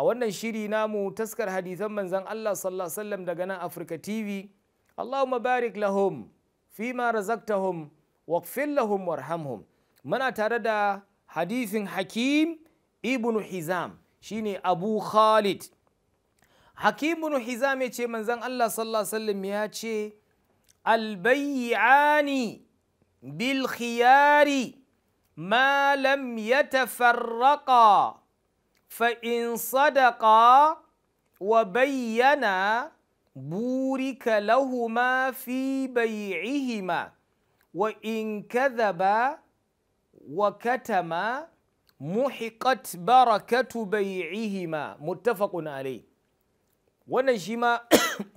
a wannan shiri namu taskar hadisan manzan Allah sallallahu sallam daga nan Africa TV Allahumma barik lahum fima razaqtahum waghfir lahum warhamhum muna tare da hadisin Hakim ibn Hizam shine Abu Khalid Hakim ibn Hizam ya ce manzan Allah sallallahu sallam ya ce albay'ani bil khiyari ma lam yatafarraqa fa'in sadaka wa bayyana burika lahuma fi bai'ihima wa in kadhaba wa katama muhiqat barakatu bai'ihima muttafaqun alai wannan shi ma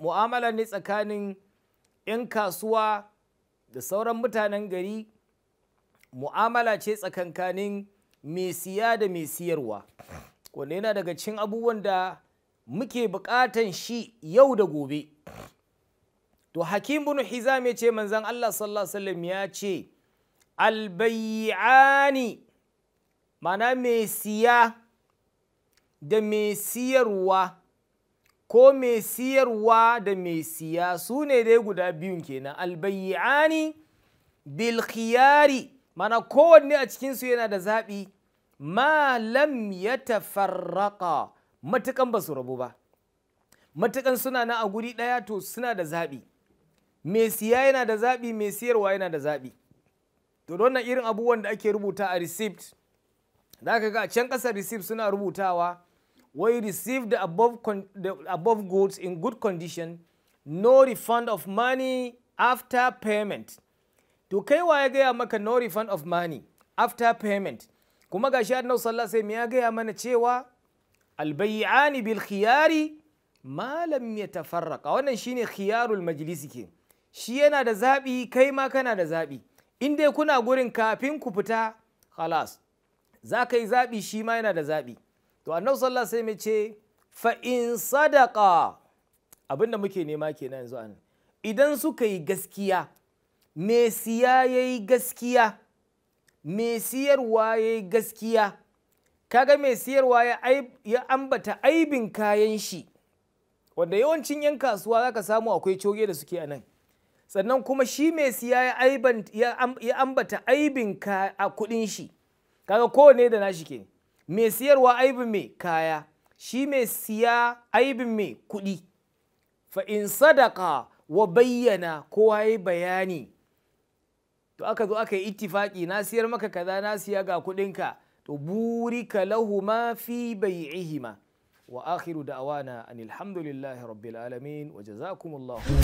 mu'amala ne tsakanin 'yan kasuwa da sauran mutanen gari mu'amala ce tsakankanin mai siya da mai siyarwa wanda yana daga cin abubuwan da muke buƙatan shi yau da gobe to hakim bin hizam ya ce manzan allah sallallahu wasallam ya ce albayyani mana mai siya da mai siyarwa ko mai siyarwa da mai siya su ne dai guda biyun kenan albayyani bilkhiyari mana kowanne a cikinsu yana da zaɓi ma lam tafarraka matukan ba su rabu ba matukan suna na a guri ɗaya to suna da zaɓi mai siya yana da zaɓi mai siyarwa yana da zaɓi to don irin abubuwan da ake rubuta a receipt za ka ga a can ƙasa receipt suna rubutawa wai receive the above, the above goods in good condition no refund of money after payment to kai wa ya gaya maka no refund of money after payment kuma gashi annabi sallallahu alaihi wasallam ya gaya mana cewa albay'ani bil khiyari ma lam yatafarraqa wannan shine khiyarul majlisi ke shi yana da zabi kai ma kana da zabi in dai kuna gurin kafin ku fita khalas za ka yi zaɓi. shi ma yana da zaɓi. to annabi sallallahu alaihi wasallam ya ce fa in sadaqa abinda muke nema kenan yanzu idan suka yi gaskiya me siya yayi gaskiya mai siyarwa ya yi gaskiya kaga mai siyarwa ya ambata aibin kayan shi wanda yawancin 'yan kasuwa za ka samu akwai coge da suke a nan sannan kuma shi mai ya ambata aibin a kudin shi kaga kowane da nashi ke mai siyarwa aibin mai kaya shi mai siya aibin mai kudi fa in sadaka wa bayyana kowa ya bayani to aka zo aka yi ittifaki na siyar maka kaza na siya ga kuɗinka to burika ma fi bai'ihima wa akhiru da'wana an alhamdulillahi rabbil alamin wa jazakumullahu